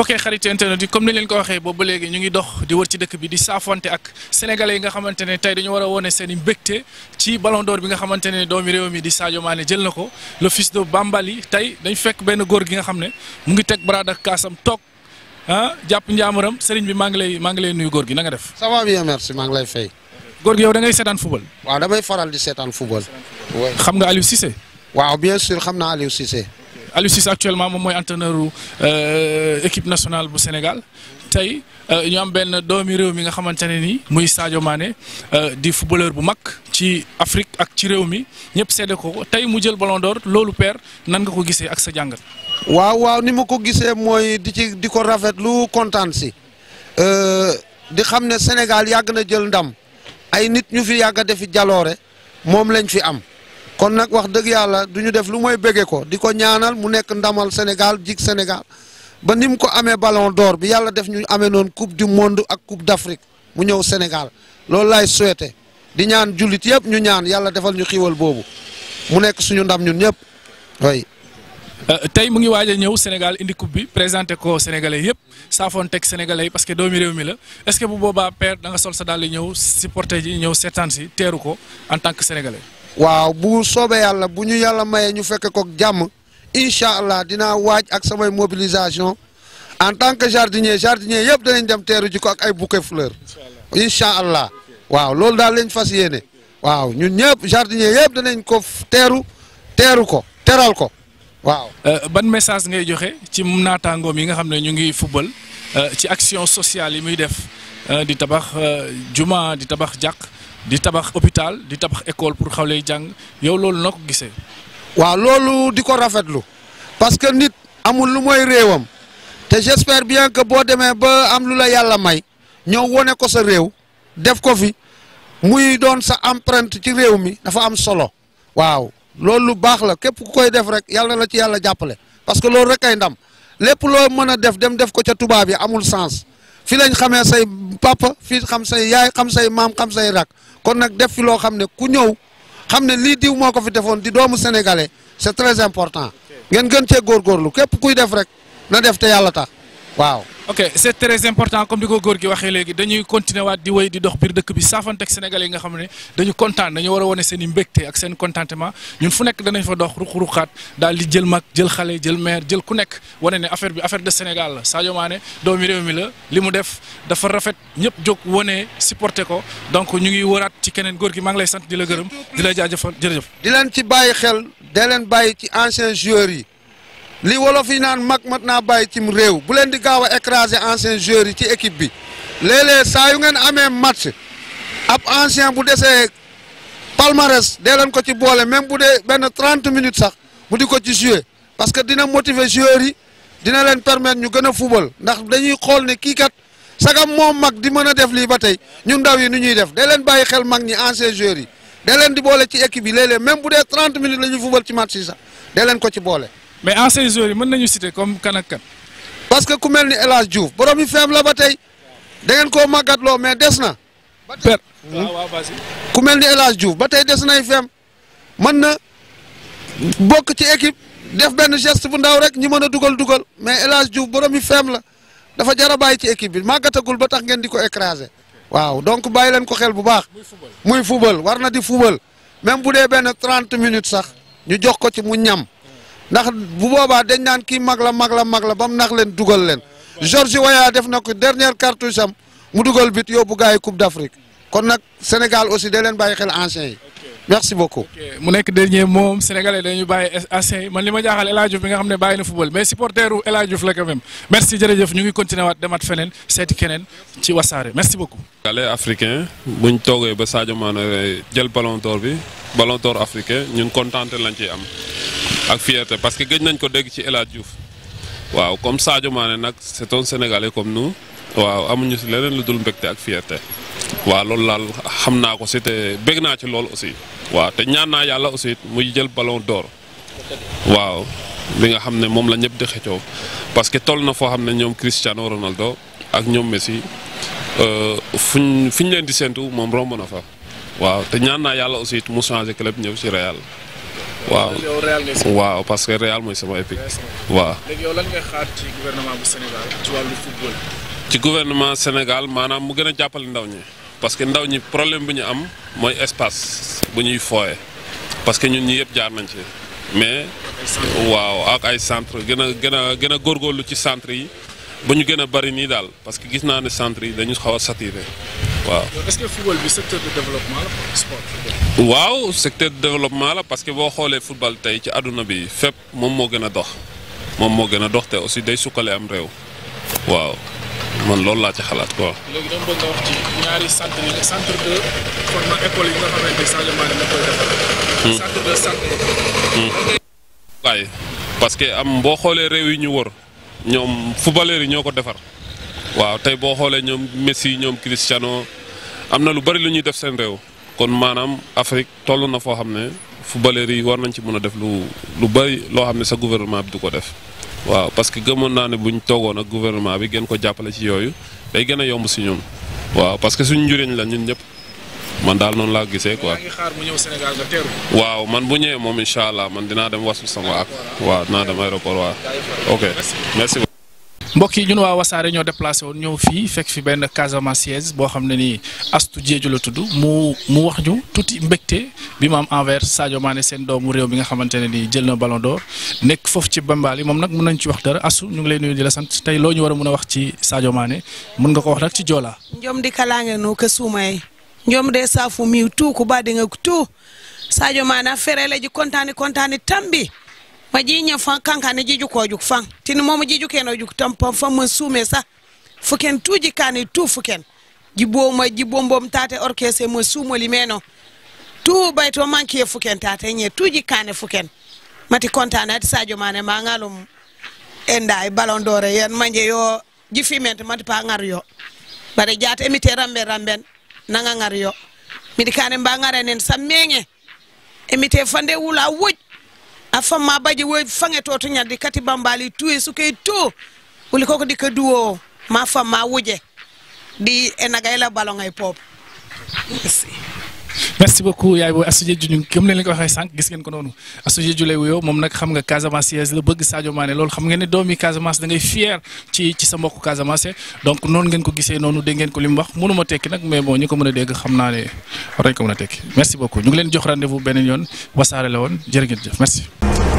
mbokkee xarit internet yi comme ni leen ko waxee boobu ba léegi ñu ngi dox di wër ci dëkk bi di saafonte ak sénégalais yi nga xamante tey dañu war a wone seen i mbégte ci ballon d'or bi nga xamante ne doomi réew mi di Sadio Mané jël na ko le fils de Bambali tey dañ fekk benn góor gi nga xam ne mu ngi teg baraad ak kaasam toog ah jàpp njaamuram sëriñ bi maa ngi lay maa ngi lay nuyu góor gi nanga def. ça va bien merci maa ngi lay fay. góor gi yow da ngay seetaan football. waaw damay faral di seetaan football. xam nga Aliou Cissé. waaw bien xam naa Aliou Cissé Aliou Cissé actuellement moom mooy entraîneur euh, équipe nationale bu Sénégal tey euh, ñu am benn doomi réew mi nga xamante ne nii muy Sadio Mané euh, di footballeur bu mag ci Afrique ak ci réew mi ñëpp seede ko tey mu jël ballon d'or loolu père nan nga ko gisee ak sa jàngat. waaw waaw ni ma ko gisee mooy di ci di ko rafetlu kontaan si di xam ne Sénégal yàgg na jël ndam ay nit ñu fi yàgg defi jaloore moom lañ fi am. kon nag wax dëgg yàlla du ñu def lu mooy bëggee ko di ko ñaanal mu nekk ndamal Sénégal jig Sénégal ba ni mu ko amee ballon door bi yàlla def ñu amee noonu coupe du monde ak coupe d'Afrique mu ñëw Sénégal loolu laay souhaité di ñaan julit yëpp ñu ñaan yàlla defal ñu xiiwal boobu mu nekk suñu ndam ñun ñëpp way euh, tey mu ngi waaj a ñëw Sénégal indi coupe bi présenté ko sénégalais yëpp saafoon teg sénégalais yi parce que doomi réew mi la est-ce que bu boobaa père da nga sol sa daal di ñëw supporter ñëw seetaan si teeru ko en tant que sénégalais. waaw bu soobee yàlla bu ñu yàlla mayee ñu fekkee ko jàmm incha allah dinaa waaj ak samay mobilisation en tant que jardinier jardinier yëpp danañ dem teeru ji ko ak ay bouquet fleur incha allah waaw loolu daal lañ fas yéene waaw ñun ñëpp jardinier yëpp danañ ko teeru teeru ko teral ko waaw. Euh, ban message ngay joxe ci naataangoom yi nga xam ne ñu ngi football euh, ci action sociale yi muy def euh, di tabax juma di tabax jàkk di tabax hôpital di tabax école pour xaw lay jàng yow loolu na ko gisee. waaw loolu di ko rafetlu parce que nit amul lu mooy réewam te j'espère bien que boo demee ba am lu la yàlla may ñëw wone ko sa réew def ko fi muy doon sa empreinte ci réew mi dafa am solo waaw loolu lu baax la képp ku koy def rek yàlla la ci yàlla jàppale parce que loolu rek ay ndam lépp loo mën a def dem def ko ca tubaab yi amul sens fi lañ xamee say papa fii xam say yaay xam say maam say rak kon nag def fi loo xam ne ku ñëw xam ne lii diw moo ko fi defoon di doomu sénégalais c'est très important ngeen gën cee góorgóorlu képp kuy def rek na def te yàlla tax waaw ok c'est très important comme di ko góor gi waxee léegi dañuy continuer waat di wéy di dox biir dëkk bi saafanteeg sénégalais yi nga xam ne dañu kontaan dañu war a wane seen i mbégte ak seen contentement ñun fu nekk danañ fa dox ruq-ruqaat daal di jël mag jël xale jël maire jël ku nekk wane ne affaire bi affaire de Sénégal la Sadio Mané doomi réew mi la li mu def dafa rafet ñëpp jóg wane supporter ko donc ñu ngi waraat ci keneen góor gi maa ngi lay sant di la gërëm di la jaajëfal jërëjëf. di leen ci bàyyi xel di leen bàyyi ci anciens joueurs yi lii wolof yi naan mag mat naa bàyyi cim réew bu leen di gaaw a écraser anciens joueurs yi ci équipe bi léeg-léeg saa yu ngeen amee match ab ancien bu desee palmarès dee leen ko ci boole même bu dee benn trente minutes sax bu di ko ci jouer parce que dina motiver joueurs yi dina leen permettre ñu gën a fubal ndax dañuy xool ni kii kat sagam moom mag di mën a def lii ba tey ñu ndaw yi nu ñuy def dee leen bàyyi xel mag ñi anciens joueurs yi dee leen di boole ci équipe bi léeg-léeg même bu dee trente la ñuy fubal ci match yi sax leen ko ci boole. mais anciens joueurs yi mën nañu citer comme kan ak kan. parce que ku mel ni El Hadj Diouf borom yi feeb ba tey da ngeen koo màggatloo mais des na. per hmm? ku mel ni El Hadj Diouf ba tey des nay feem mën na bokk ci équipe def benn geste bu ndaw rek ñi mën a dugal dugal mais El Hadj Diouf borom yi feem la dafa jar a ci équipe bi màggatagul ba tax ngeen di ko écraser. waaw donc bàyyi leen ko xel bu baax. muy fubal war na di fubal même bu dee benn trente minutes sax ñu jox ko ci mu ñam. ndax bu boobaa dañ naan ki mag la mag la mag la ba mu nax leen dugal leen George Weah def na ko dernière cartouche am mu dugal bit yóbbu gars yi Coupe d'Afrique kon nag Sénégal aussi da leen bàyyi xel anciens yi merci beaucoup. mu nekk dernier moom sénégalais dañu bàyyi anciens yi man li ma jaaxal El Hadj Diouf bi nga xam ne bàyyi na football mais supporteru El Hadj Diouf la quand même merci jërëjëf ñu ngi continué waat demaat feneen seeti keneen ci wasaare merci beaucoup. sénégalais africain buñ toogee ba Sadio Mané jël ballon d'or bi ballon d'or ñun kontaan lañ ciy am. ak fierté parce que gëj nañ ko dégg ci El Hadj Diouf waaw comme Sadio Mané nag c'est un Sénégalais comme nu waaw amuñu si leneen lu dul mbégte ak fierté waaw loolu laal xam naa ko si te bég naa ci lool aussi waaw te ñaan naa yàlla aussi muy jël ballon d'or waaw bi nga xam ne moom la ñëpp di xëccoo parce que toll na foo xam ne ñoom Cristiano Ronaldo ak ñoom Messi euh, fuñ fi ñu leen di séntu moom romb na fa waaw te ñaan naa yàlla aussi mu changé club ñëw ci Real waaw waaw parce que Real mooy sama équipe waaw. ci gouvernement Sénégal maanaam mu gën a jàppale ndaw ñi parce que ndaw ñi problème bu ñu am mooy espace bu ñuy fooye parce que ñun ñi yëpp jaar nañ ci mais. waaw ak ay centre gën a gën a gën a góorgóorlu ci centre yi bu ñu gën a bari nii daal parce que gis naa ne centre yi dañu xaw a saturé. waaw. secteur de développement la sport parce que boo xoolee football tey ci àdduna bi fépp moom moo gën a dox moom moo gën a dox te aussi day sukkale am réew. waaw man loolu laa ci xalaat quoi. léegi hmm. hmm. parce que am boo xoolee réew yi ñu wër ñoom footballeur yi ñoo ko defar. waaw tey boo xoolee ñoom Messi ñoom Cristiano am na lu bari lu ñuy def seen réew kon maanaam Afrique toll na foo xam ne footballeurs yi war nañ ci mun a def lu lu bari loo xam ne sa gouvernement bi du ko def waaw parce que gëmoon naa ne buñ toogoon ak gouvernement bi gën ko jàppale ci yooyu day gën a yomb si ñun waaw parce que suñu njëriñ la ñun ñëpp man daal noonu laa gisee quoi waaw man bu ñëwee moom incha allah man dinaa dem wasu sama ak waaw dinaa dem aéroport waaw mbokk yi ñun waa wasaare ñoo déplacé woon ñëw fii fekk fi benn Casamançaise boo xam ne ni Astou Diédhiou la tudd mu mu wax ñu tuuti mbégte bi mu am envers maane Mané seen doomu réew mi nga xamante ne nii jël na Ballon d'Or nekk foofu ci Bambal yi moom nag mun nañ ci wax dara Astou ñu ngi lay nuyu di la sant tey loo ñu mun a wax ci Sadio maane mën nga ko wax nag ci Joola njom di kalaange no ka suumay njom de saafu miw tu ko ba dinga tu Sadio Mané a fereele ji kontaani kontaani tambi ma jinya fan kankane jiju kojuk fan tini momo jiju keno juk tampon fan mon sume sa fuken tuji kane tu fuken jiboma jibombom tate orkese mo sumoli meno tu bayto manki e fuken tate nye tuji kane fuken mati kontane ati sadio mane ma ngalum enda e ballon d'or yen manje yo jifimente mati pa ngar yo bare jata emite rambe ramben nanga ngar yo midi kane mba ngare nen sammenge emite fande wula wuj afamma baji woy fangeto to ñalɗi kati bambali tuye sukey to wuli koko ɗika duwo ma famma wuje ɗi e nagayla balon ay poob merci beaucoup yaay booy Astou Diedhiou ñu comme ne la nga waxee sànq gis ngeen ko noonu Astou Diedhiou lay wuyoo moom nag xam nga Casamance yees la bëgg Sadio Mané loolu xam ngeen doomi Casamance da ngay ci sa mbokk Casamance donc noonu ngeen ko gisee noonu dégg ko li wax mënuma tekki nag mais bon ñi ko mën a dégg xam naa ne war nañ ko mën a tekki merci beaucoup ñu ngi leen jox rendez beneen yoon wasaare la woon jërë ngeen jëf merci